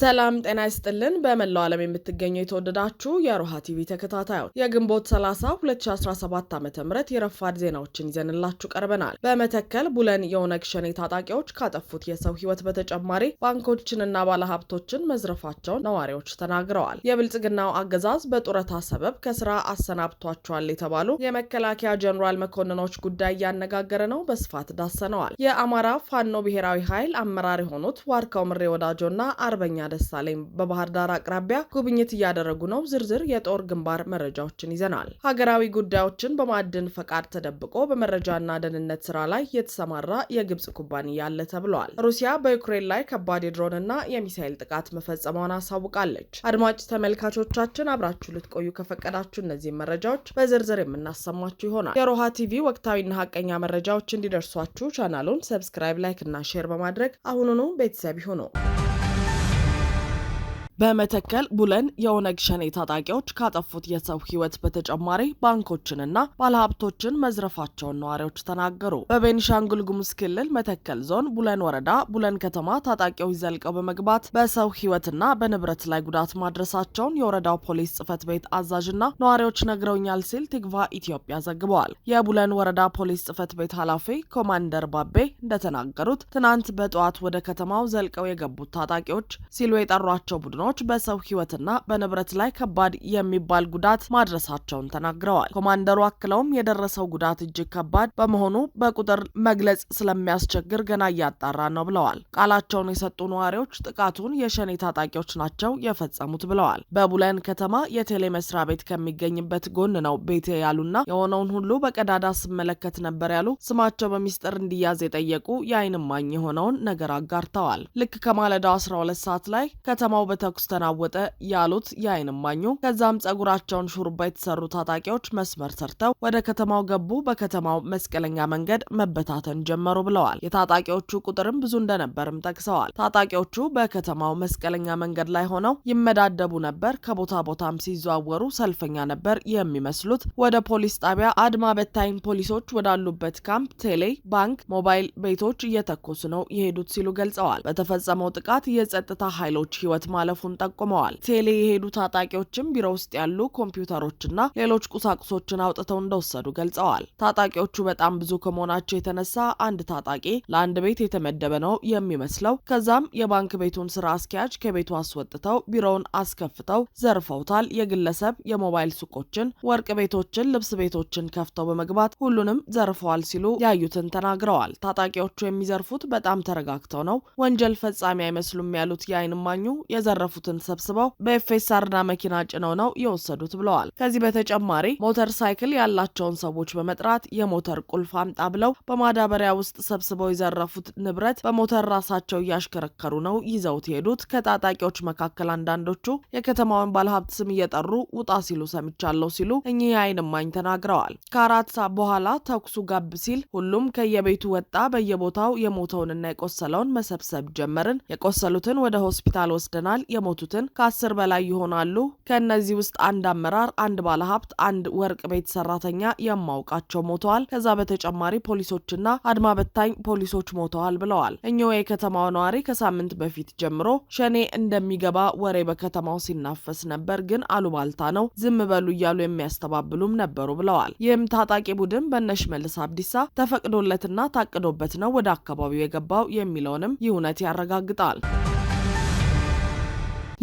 ሰላም ጤና ይስጥልን። በመላው ዓለም የምትገኙ የተወደዳችሁ የሮሃ ቲቪ ተከታታዮች የግንቦት 30 2017 ዓ ም የረፋድ ዜናዎችን ይዘንላችሁ ቀርበናል። በመተከል ቡለን የኦነግ ሸኔ ታጣቂዎች ካጠፉት የሰው ህይወት በተጨማሪ ባንኮችንና ባለሀብቶችን መዝረፋቸውን ነዋሪዎች ተናግረዋል። የብልጽግናው አገዛዝ በጡረታ ሰበብ ከስራ አሰናብቷቸዋል የተባሉ የመከላከያ ጀኔራል መኮንኖች ጉዳይ እያነጋገረ ነው። በስፋት ዳሰነዋል። የአማራ ፋኖ ብሔራዊ ኃይል አመራር የሆኑት ዋርካው ምሬ ወዳጆና አርበኛ ደሳለኝ በባህር ዳር አቅራቢያ ጉብኝት እያደረጉ ነው። ዝርዝር የጦር ግንባር መረጃዎችን ይዘናል። ሀገራዊ ጉዳዮችን በማዕድን ፈቃድ ተደብቆ በመረጃና ደህንነት ስራ ላይ የተሰማራ የግብጽ ኩባንያ አለ ተብሏል። ሩሲያ በዩክሬን ላይ ከባድ የድሮንና የሚሳይል ጥቃት መፈጸሟን አሳውቃለች። አድማጭ ተመልካቾቻችን አብራችሁ ልትቆዩ ከፈቀዳችሁ እነዚህን መረጃዎች በዝርዝር የምናሰማችሁ ይሆናል። የሮሃ ቲቪ ወቅታዊና ሀቀኛ መረጃዎች እንዲደርሷችሁ ቻናሉን ሰብስክራይብ፣ ላይክ እና ሼር በማድረግ አሁኑኑ ቤተሰብ ይሁኑ። በመተከል ቡለን የኦነግ ሸኔ ታጣቂዎች ካጠፉት የሰው ህይወት በተጨማሪ ባንኮችንና ባለሀብቶችን መዝረፋቸውን ነዋሪዎች ተናገሩ። በቤኒሻንጉል ጉሙዝ ክልል መተከል ዞን ቡለን ወረዳ ቡለን ከተማ ታጣቂዎች ዘልቀው በመግባት በሰው ህይወትና በንብረት ላይ ጉዳት ማድረሳቸውን የወረዳው ፖሊስ ጽህፈት ቤት አዛዥና ነዋሪዎች ነግረውኛል ሲል ትግቫ ኢትዮጵያ ዘግበዋል። የቡለን ወረዳ ፖሊስ ጽህፈት ቤት ኃላፊ ኮማንደር ባቤ እንደተናገሩት ትናንት በጠዋት ወደ ከተማው ዘልቀው የገቡት ታጣቂዎች ሲሉ የጠሯቸው ቡድኖች አደጋዎች በሰው ሕይወትና በንብረት ላይ ከባድ የሚባል ጉዳት ማድረሳቸውን ተናግረዋል። ኮማንደሩ አክለውም የደረሰው ጉዳት እጅግ ከባድ በመሆኑ በቁጥር መግለጽ ስለሚያስቸግር ገና እያጣራ ነው ብለዋል። ቃላቸውን የሰጡ ነዋሪዎች ጥቃቱን የሸኔ ታጣቂዎች ናቸው የፈጸሙት ብለዋል። በቡለን ከተማ የቴሌ መስሪያ ቤት ከሚገኝበት ጎን ነው ቤቴ ያሉና የሆነውን ሁሉ በቀዳዳ ስመለከት ነበር ያሉ ስማቸው በሚስጥር እንዲያዝ የጠየቁ የአይንማኝ የሆነውን ነገር አጋርተዋል። ልክ ከማለዳው 12 ሰዓት ላይ ከተማው በተኩስ ተኩስ ተናወጠ ያሉት የአይን እማኙ ከዛም ጸጉራቸውን ሹሩባ የተሰሩ ታጣቂዎች መስመር ሰርተው ወደ ከተማው ገቡ። በከተማው መስቀለኛ መንገድ መበታተን ጀመሩ ብለዋል። የታጣቂዎቹ ቁጥርም ብዙ እንደነበርም ጠቅሰዋል። ታጣቂዎቹ በከተማው መስቀለኛ መንገድ ላይ ሆነው ይመዳደቡ ነበር። ከቦታ ቦታም ሲዘዋወሩ ሰልፈኛ ነበር የሚመስሉት። ወደ ፖሊስ ጣቢያ አድማ በታኝ ፖሊሶች ወዳሉበት ካምፕ፣ ቴሌ፣ ባንክ፣ ሞባይል ቤቶች እየተኮሱ ነው የሄዱት ሲሉ ገልጸዋል። በተፈጸመው ጥቃት የጸጥታ ኃይሎች ህይወት ማለፉ መተላለፉን ጠቁመዋል። ቴሌ የሄዱ ታጣቂዎችም ቢሮ ውስጥ ያሉ ኮምፒውተሮችና ሌሎች ቁሳቁሶችን አውጥተው እንደወሰዱ ገልጸዋል። ታጣቂዎቹ በጣም ብዙ ከመሆናቸው የተነሳ አንድ ታጣቂ ለአንድ ቤት የተመደበ ነው የሚመስለው። ከዛም የባንክ ቤቱን ስራ አስኪያጅ ከቤቱ አስወጥተው ቢሮውን አስከፍተው ዘርፈውታል። የግለሰብ የሞባይል ሱቆችን፣ ወርቅ ቤቶችን፣ ልብስ ቤቶችን ከፍተው በመግባት ሁሉንም ዘርፈዋል ሲሉ ያዩትን ተናግረዋል። ታጣቂዎቹ የሚዘርፉት በጣም ተረጋግተው ነው። ወንጀል ፈጻሚ አይመስሉም ያሉት የአይን እማኙ የዘረፉ የተረፉትን ሰብስበው በኤፌሳርና መኪና ጭነው ነው የወሰዱት ብለዋል። ከዚህ በተጨማሪ ሞተር ሳይክል ያላቸውን ሰዎች በመጥራት የሞተር ቁልፍ አምጣ ብለው በማዳበሪያ ውስጥ ሰብስበው የዘረፉት ንብረት በሞተር ራሳቸው እያሽከረከሩ ነው ይዘውት የሄዱት። ከታጣቂዎች መካከል አንዳንዶቹ የከተማውን ባለሀብት ስም እየጠሩ ውጣ ሲሉ ሰምቻለሁ ሲሉ እኚህ የዓይን እማኝ ተናግረዋል። ከአራት ሰዓት በኋላ ተኩሱ ጋብ ሲል ሁሉም ከየቤቱ ወጣ። በየቦታው የሞተውንና የቆሰለውን መሰብሰብ ጀመርን። የቆሰሉትን ወደ ሆስፒታል ወስደናል። የሞቱትን ከአስር በላይ ይሆናሉ። ከእነዚህ ውስጥ አንድ አመራር፣ አንድ ባለሀብት፣ አንድ ወርቅ ቤት ሰራተኛ የማውቃቸው ሞተዋል። ከዛ በተጨማሪ ፖሊሶችና አድማ በታኝ ፖሊሶች ሞተዋል ብለዋል። እኚሁ የከተማው ነዋሪ ከሳምንት በፊት ጀምሮ ሸኔ እንደሚገባ ወሬ በከተማው ሲናፈስ ነበር፣ ግን አሉባልታ ነው፣ ዝም በሉ እያሉ የሚያስተባብሉም ነበሩ ብለዋል። ይህም ታጣቂ ቡድን መልስ አብዲሳ ተፈቅዶለትና ታቅዶበት ነው ወደ አካባቢው የገባው የሚለውንም ይህ እውነት ያረጋግጣል።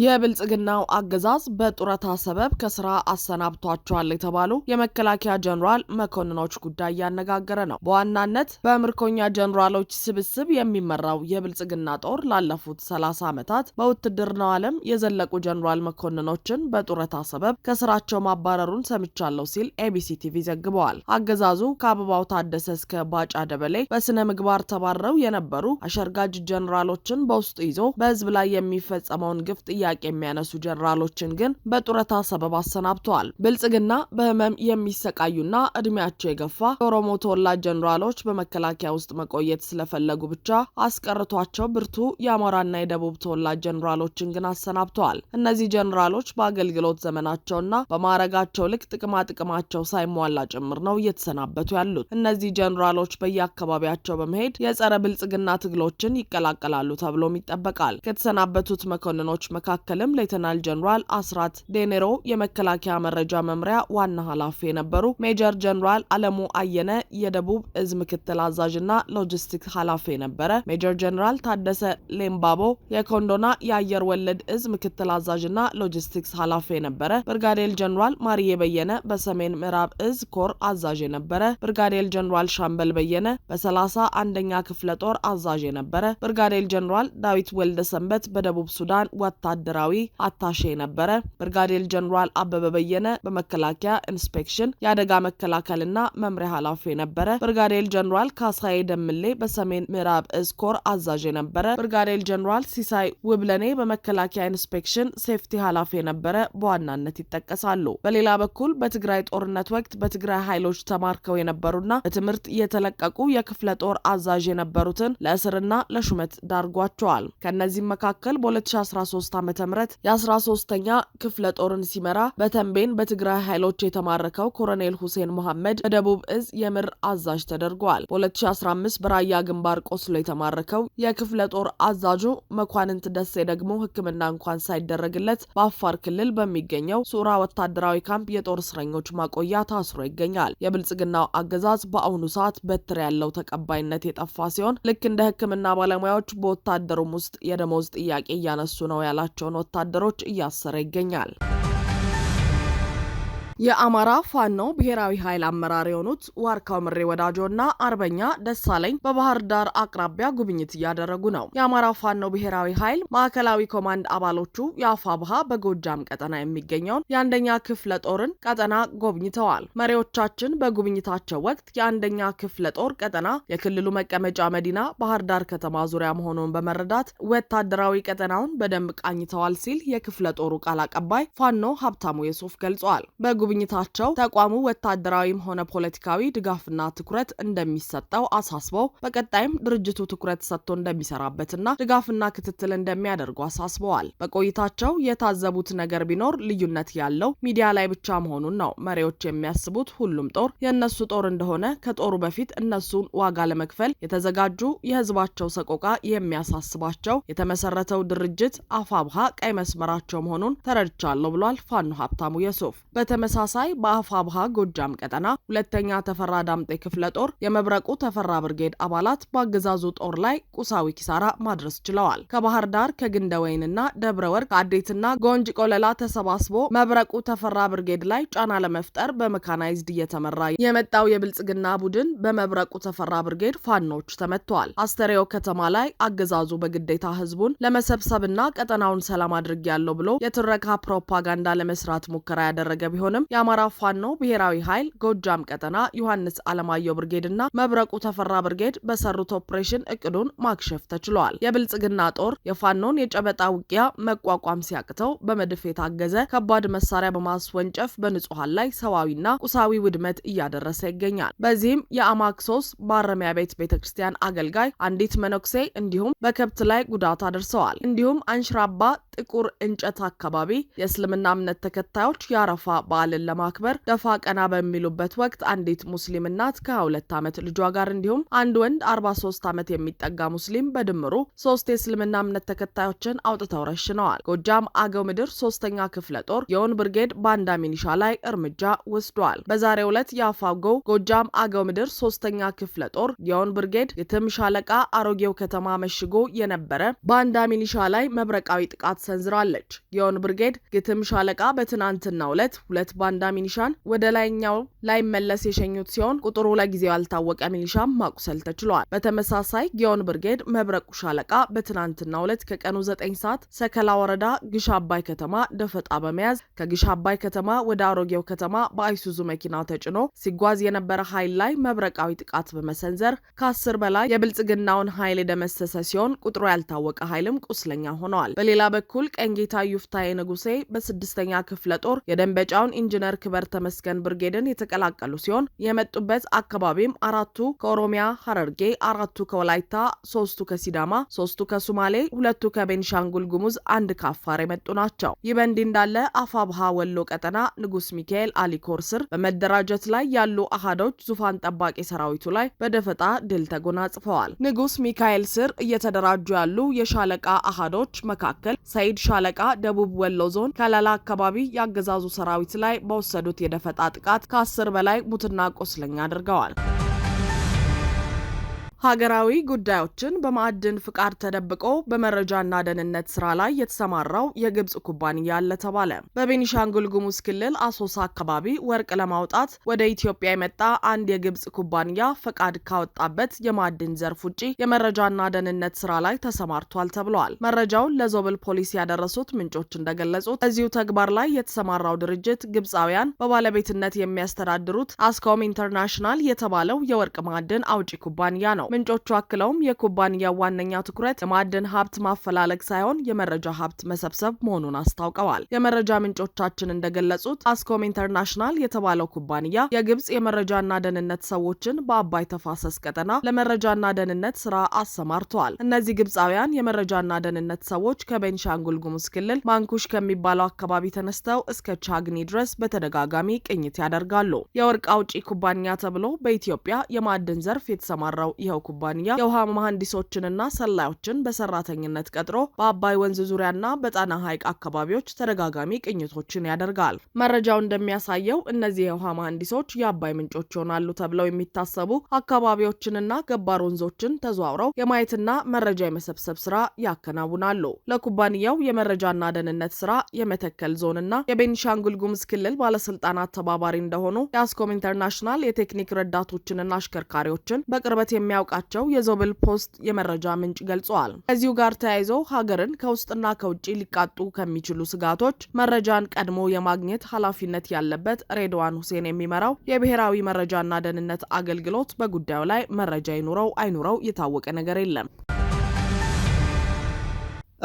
የብልጽግናው አገዛዝ በጡረታ ሰበብ ከስራ አሰናብቷቸዋል የተባሉ የመከላከያ ጀኔራል መኮንኖች ጉዳይ እያነጋገረ ነው። በዋናነት በምርኮኛ ጀኔራሎች ስብስብ የሚመራው የብልጽግና ጦር ላለፉት ሰላሳ ዓመታት በውትድርናው ዓለም የዘለቁ ጀኔራል መኮንኖችን በጡረታ ሰበብ ከስራቸው ማባረሩን ሰምቻለሁ ሲል ኤቢሲ ቲቪ ዘግበዋል። አገዛዙ ከአበባው ታደሰ እስከ ባጫ ደበሌ በስነ ምግባር ተባረው የነበሩ አሸርጋጅ ጀኔራሎችን በውስጡ ይዞ በህዝብ ላይ የሚፈጸመውን ግፍ ጥያ ጥያቄ የሚያነሱ ጀኔራሎችን ግን በጡረታ ሰበብ አሰናብተዋል። ብልጽግና በህመም የሚሰቃዩና እድሜያቸው የገፋ የኦሮሞ ተወላጅ ጀኔራሎች በመከላከያ ውስጥ መቆየት ስለፈለጉ ብቻ አስቀርቷቸው ብርቱ የአማራና የደቡብ ተወላጅ ጀኔራሎችን ግን አሰናብተዋል። እነዚህ ጀኔራሎች በአገልግሎት ዘመናቸውና በማዕረጋቸው ልክ ጥቅማ ጥቅማቸው ሳይሟላ ጭምር ነው እየተሰናበቱ ያሉት። እነዚህ ጀኔራሎች በየአካባቢያቸው በመሄድ የጸረ ብልጽግና ትግሎችን ይቀላቀላሉ ተብሎም ይጠበቃል። ከተሰናበቱት መኮንኖች መካከል መካከልም ሌተናል ጀኔራል አስራት ዴኔሮ የመከላከያ መረጃ መምሪያ ዋና ኃላፊ የነበሩ ሜጀር ጀኔራል አለሙ አየነ የደቡብ እዝ ምክትል አዛዥና ሎጂስቲክስ ኃላፊ የነበረ ሜጀር ጀኔራል ታደሰ ሌምባቦ የኮንዶና የአየር ወለድ እዝ ምክትል አዛዥና ሎጂስቲክስ ኃላፊ የነበረ ብርጋዴር ጀኔራል ማሪዬ በየነ በሰሜን ምዕራብ እዝ ኮር አዛዥ የነበረ ብርጋዴር ጀኔራል ሻምበል በየነ በሰላሳ አንደኛ ክፍለ ጦር አዛዥ የነበረ ብርጋዴር ጀኔራል ዳዊት ወልደ ሰንበት በደቡብ ሱዳን ወታደ ወታደራዊ አታሼ የነበረ ብርጋዴር ጀኔራል አበበ በየነ በመከላከያ ኢንስፔክሽን የአደጋ መከላከልና መምሪያ ኃላፊ የነበረ ብርጋዴር ጀኔራል ካሳዬ ደምሌ በሰሜን ምዕራብ እዝ ኮር አዛዥ የነበረ ብርጋዴር ጀኔራል ሲሳይ ውብለኔ በመከላከያ ኢንስፔክሽን ሴፍቲ ኃላፊ የነበረ በዋናነት ይጠቀሳሉ። በሌላ በኩል በትግራይ ጦርነት ወቅት በትግራይ ኃይሎች ተማርከው የነበሩና በትምህርት የተለቀቁ የክፍለ ጦር አዛዥ የነበሩትን ለእስርና ለሹመት ዳርጓቸዋል። ከእነዚህም መካከል በ2013 ዓ ም የ13ተኛ ክፍለ ጦርን ሲመራ በተንቤን በትግራይ ኃይሎች የተማረከው ኮሎኔል ሁሴን መሐመድ በደቡብ እዝ የምር አዛዥ ተደርጓል። በ2015 በራያ ግንባር ቆስሎ የተማረከው የክፍለ ጦር አዛዡ መኳንንት ደሴ ደግሞ ሕክምና እንኳን ሳይደረግለት በአፋር ክልል በሚገኘው ሱራ ወታደራዊ ካምፕ የጦር እስረኞች ማቆያ ታስሮ ይገኛል። የብልጽግናው አገዛዝ በአሁኑ ሰዓት በትር ያለው ተቀባይነት የጠፋ ሲሆን ልክ እንደ ሕክምና ባለሙያዎች በወታደሩም ውስጥ የደሞዝ ጥያቄ እያነሱ ነው ያላቸው ያላቸውን ወታደሮች እያሰረ ይገኛል። የአማራ ፋኖ ብሔራዊ ኃይል አመራር የሆኑት ዋርካው ምሬ ወዳጆና አርበኛ ደሳለኝ በባህር ዳር አቅራቢያ ጉብኝት እያደረጉ ነው። የአማራ ፋኖ ብሔራዊ ኃይል ማዕከላዊ ኮማንድ አባሎቹ የአፋ ብሃ በጎጃም ቀጠና የሚገኘውን የአንደኛ ክፍለ ጦርን ቀጠና ጎብኝተዋል። መሪዎቻችን በጉብኝታቸው ወቅት የአንደኛ ክፍለ ጦር ቀጠና የክልሉ መቀመጫ መዲና ባህር ዳር ከተማ ዙሪያ መሆኑን በመረዳት ወታደራዊ ቀጠናውን በደንብ ቃኝተዋል ሲል የክፍለ ጦሩ ቃል አቀባይ ፋኖ ሀብታሙ የሱፍ ገልጿል። ጉብኝታቸው ተቋሙ ወታደራዊም ሆነ ፖለቲካዊ ድጋፍና ትኩረት እንደሚሰጠው አሳስበው በቀጣይም ድርጅቱ ትኩረት ሰጥቶ እንደሚሰራበትና ድጋፍና ክትትል እንደሚያደርጉ አሳስበዋል። በቆይታቸው የታዘቡት ነገር ቢኖር ልዩነት ያለው ሚዲያ ላይ ብቻ መሆኑን ነው። መሪዎች የሚያስቡት ሁሉም ጦር የእነሱ ጦር እንደሆነ ከጦሩ በፊት እነሱን ዋጋ ለመክፈል የተዘጋጁ የህዝባቸው ሰቆቃ የሚያሳስባቸው የተመሰረተው ድርጅት አፋብሃ ቀይ መስመራቸው መሆኑን ተረድቻለሁ ብሏል። ፋኖ ሀብታሙ የሱፍ በተመሳ በተመሳሳይ በአፋብሃ ጎጃም ቀጠና ሁለተኛ ተፈራ ዳምጤ ክፍለ ጦር የመብረቁ ተፈራ ብርጌድ አባላት በአገዛዙ ጦር ላይ ቁሳዊ ኪሳራ ማድረስ ችለዋል። ከባህር ዳር ከግንደ ወይንና ደብረ ወርቅ አዴትና ጎንጅ ቆለላ ተሰባስቦ መብረቁ ተፈራ ብርጌድ ላይ ጫና ለመፍጠር በመካናይዝድ እየተመራ የመጣው የብልጽግና ቡድን በመብረቁ ተፈራ ብርጌድ ፋኖች ተመትተዋል። አስተሬዮ ከተማ ላይ አገዛዙ በግዴታ ህዝቡን ለመሰብሰብና ቀጠናውን ሰላም አድርጌያለሁ ብሎ የትረካ ፕሮፓጋንዳ ለመስራት ሙከራ ያደረገ ቢሆንም የአማራ ፋኖ ብሔራዊ ኃይል ጎጃም ቀጠና ዮሐንስ አለማየሁ ብርጌድና መብረቁ ተፈራ ብርጌድ በሰሩት ኦፕሬሽን እቅዱን ማክሸፍ ተችሏል። የብልጽግና ጦር የፋኖን የጨበጣ ውጊያ መቋቋም ሲያቅተው በመድፍ የታገዘ ከባድ መሳሪያ በማስወንጨፍ በንጹሐን ላይ ሰብአዊና ቁሳዊ ውድመት እያደረሰ ይገኛል። በዚህም የአማክሶስ ማረሚያ ቤት ቤተ ክርስቲያን አገልጋይ አንዲት መነኩሴ እንዲሁም በከብት ላይ ጉዳት አድርሰዋል። እንዲሁም አንሽራባ ጥቁር እንጨት አካባቢ የእስልምና እምነት ተከታዮች የአረፋ በዓል በዓልን ለማክበር ደፋ ቀና በሚሉበት ወቅት አንዲት ሙስሊም እናት ከሁለት ዓመት ልጇ ጋር እንዲሁም አንድ ወንድ 43 ዓመት የሚጠጋ ሙስሊም በድምሩ ሶስት የእስልምና እምነት ተከታዮችን አውጥተው ረሽነዋል። ጎጃም አገው ምድር ሶስተኛ ክፍለ ጦር የውን ብርጌድ ባንዳ ሚኒሻ ላይ እርምጃ ወስዷል። በዛሬው ዕለት የአፋጎው ጎጃም አገው ምድር ሶስተኛ ክፍለ ጦር የውን ብርጌድ የትም ሻለቃ አሮጌው ከተማ መሽጎ የነበረ ባንዳ ሚኒሻ ላይ መብረቃዊ ጥቃት ሰንዝራለች። የውን ብርጌድ ግትም ሻለቃ በትናንትናው ዕለት ሁለት ባንዳ ሚኒሻን ወደ ላይኛው ላይመለስ የሸኙት ሲሆን ቁጥሩ ለጊዜው ያልታወቀ ሚኒሻም ማቁሰል ተችሏል። በተመሳሳይ ጊዮን ብርጌድ መብረቁ ሻለቃ በትናንትናው ዕለት ከቀኑ 9 ሰዓት ሰከላ ወረዳ ግሽ አባይ ከተማ ደፈጣ በመያዝ ከግሽ አባይ ከተማ ወደ አሮጌው ከተማ በአይሱዙ መኪና ተጭኖ ሲጓዝ የነበረ ኃይል ላይ መብረቃዊ ጥቃት በመሰንዘር ከአስር በላይ የብልጽግናውን ኃይል የደመሰሰ ሲሆን ቁጥሩ ያልታወቀ ኃይልም ቁስለኛ ሆነዋል። በሌላ በኩል ቀንጌታ ዩፍታዬ ንጉሴ በስድስተኛ ክፍለ ጦር የደንበጫውን ኢንጂነር ክበር ተመስገን ብርጌድን የተቀላቀሉ ሲሆን የመጡበት አካባቢም አራቱ ከኦሮሚያ ሐረርጌ፣ አራቱ ከወላይታ፣ ሶስቱ ከሲዳማ፣ ሶስቱ ከሱማሌ፣ ሁለቱ ከቤንሻንጉል ጉሙዝ፣ አንድ ከአፋር የመጡ ናቸው። ይህ በእንዲህ እንዳለ አፋብሃ ወሎ ቀጠና ንጉስ ሚካኤል አሊኮር ስር በመደራጀት ላይ ያሉ አሃዶች ዙፋን ጠባቂ ሰራዊቱ ላይ በደፈጣ ድል ተጎናጽፈዋል። ንጉስ ሚካኤል ስር እየተደራጁ ያሉ የሻለቃ አሃዶች መካከል ሰይድ ሻለቃ ደቡብ ወሎ ዞን ከለላ አካባቢ ያገዛዙ ሰራዊት ላይ ላይ በወሰዱት የደፈጣ ጥቃት ከአስር በላይ ሙትና ቁስለኛ አድርገዋል። ሀገራዊ ጉዳዮችን በማዕድን ፍቃድ ተደብቆ በመረጃና ደህንነት ስራ ላይ የተሰማራው የግብጽ ኩባንያ አለ ተባለ። በቤኒሻንጉል ጉሙዝ ክልል አሶሳ አካባቢ ወርቅ ለማውጣት ወደ ኢትዮጵያ የመጣ አንድ የግብጽ ኩባንያ ፈቃድ ካወጣበት የማዕድን ዘርፍ ውጪ የመረጃና ደህንነት ስራ ላይ ተሰማርቷል ተብለዋል። መረጃውን ለዞብል ፖሊስ ያደረሱት ምንጮች እንደገለጹት እዚሁ ተግባር ላይ የተሰማራው ድርጅት ግብፃውያን በባለቤትነት የሚያስተዳድሩት አስኮም ኢንተርናሽናል የተባለው የወርቅ ማዕድን አውጪ ኩባንያ ነው። ምንጮቹ አክለውም የኩባንያው ዋነኛ ትኩረት የማዕድን ሀብት ማፈላለግ ሳይሆን የመረጃ ሀብት መሰብሰብ መሆኑን አስታውቀዋል። የመረጃ ምንጮቻችን እንደገለጹት አስኮም ኢንተርናሽናል የተባለው ኩባንያ የግብጽ የመረጃና ደህንነት ሰዎችን በአባይ ተፋሰስ ቀጠና ለመረጃና ደህንነት ስራ አሰማርተዋል። እነዚህ ግብፃውያን የመረጃና ደህንነት ሰዎች ከቤንሻንጉል ጉሙዝ ክልል ማንኩሽ ከሚባለው አካባቢ ተነስተው እስከ ቻግኒ ድረስ በተደጋጋሚ ቅኝት ያደርጋሉ። የወርቅ አውጪ ኩባንያ ተብሎ በኢትዮጵያ የማዕድን ዘርፍ የተሰማራው ይኸው የሚያመርተው ኩባንያ የውሃ መሐንዲሶችንና ሰላዮችን በሰራተኝነት ቀጥሮ በአባይ ወንዝ ዙሪያና በጣና ሐይቅ አካባቢዎች ተደጋጋሚ ቅኝቶችን ያደርጋል። መረጃው እንደሚያሳየው እነዚህ የውሃ መሐንዲሶች የአባይ ምንጮች ይሆናሉ ተብለው የሚታሰቡ አካባቢዎችንና ገባር ወንዞችን ተዘዋውረው የማየትና መረጃ የመሰብሰብ ስራ ያከናውናሉ። ለኩባንያው የመረጃና ደህንነት ስራ የመተከል ዞንና የቤኒሻንጉል ጉሙዝ ክልል ባለስልጣናት ተባባሪ እንደሆኑ የአስኮም ኢንተርናሽናል የቴክኒክ ረዳቶችንና አሽከርካሪዎችን በቅርበት የሚያውቁ እንዳውቃቸው የዞብል ፖስት የመረጃ ምንጭ ገልጸዋል። ከዚሁ ጋር ተያይዞ ሀገርን ከውስጥና ከውጭ ሊቃጡ ከሚችሉ ስጋቶች መረጃን ቀድሞ የማግኘት ኃላፊነት ያለበት ሬድዋን ሁሴን የሚመራው የብሔራዊ መረጃና ደህንነት አገልግሎት በጉዳዩ ላይ መረጃ ይኑረው አይኑረው የታወቀ ነገር የለም።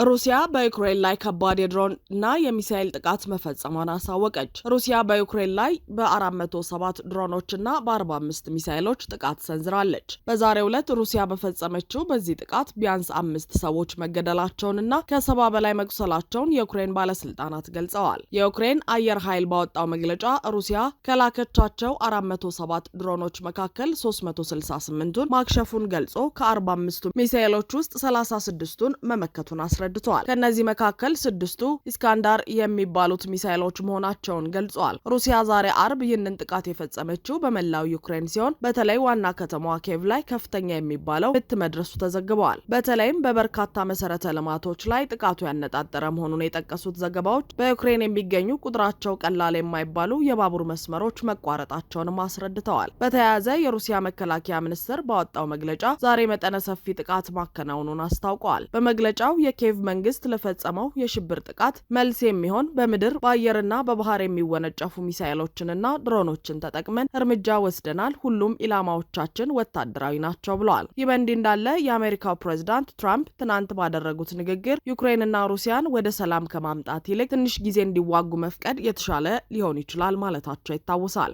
ሩሲያ በዩክሬን ላይ ከባድ የድሮን እና የሚሳኤል ጥቃት መፈጸሟን አሳወቀች። ሩሲያ በዩክሬን ላይ በ407 ድሮኖች እና በ45 ሚሳኤሎች ጥቃት ሰንዝራለች። በዛሬው ዕለት ሩሲያ በፈጸመችው በዚህ ጥቃት ቢያንስ አምስት ሰዎች መገደላቸውን እና ከሰባ በላይ መቁሰላቸውን የዩክሬን ባለስልጣናት ገልጸዋል። የዩክሬን አየር ኃይል ባወጣው መግለጫ ሩሲያ ከላከቻቸው 407 ድሮኖች መካከል 368ቱን ማክሸፉን ገልጾ ከ45ቱ ሚሳኤሎች ውስጥ 36ቱን መመከቱን አስረ አስረድተዋል። ከእነዚህ መካከል ስድስቱ ኢስካንዳር የሚባሉት ሚሳይሎች መሆናቸውን ገልጿል። ሩሲያ ዛሬ አርብ ይህንን ጥቃት የፈጸመችው በመላው ዩክሬን ሲሆን በተለይ ዋና ከተማዋ ኬቭ ላይ ከፍተኛ የሚባለው ምት መድረሱ ተዘግበዋል። በተለይም በበርካታ መሰረተ ልማቶች ላይ ጥቃቱ ያነጣጠረ መሆኑን የጠቀሱት ዘገባዎች በዩክሬን የሚገኙ ቁጥራቸው ቀላል የማይባሉ የባቡር መስመሮች መቋረጣቸውንም አስረድተዋል። በተያያዘ የሩሲያ መከላከያ ሚኒስቴር ባወጣው መግለጫ ዛሬ መጠነ ሰፊ ጥቃት ማከናወኑን አስታውቀዋል። በመግለጫው የኬቭ የኪየቭ መንግስት ለፈጸመው የሽብር ጥቃት መልስ የሚሆን በምድር በአየርና በባህር የሚወነጨፉ ሚሳይሎችንና ድሮኖችን ተጠቅመን እርምጃ ወስደናል። ሁሉም ኢላማዎቻችን ወታደራዊ ናቸው ብለዋል። ይህ በእንዲህ እንዳለ የአሜሪካው ፕሬዚዳንት ትራምፕ ትናንት ባደረጉት ንግግር ዩክሬንና ሩሲያን ወደ ሰላም ከማምጣት ይልቅ ትንሽ ጊዜ እንዲዋጉ መፍቀድ የተሻለ ሊሆን ይችላል ማለታቸው ይታወሳል።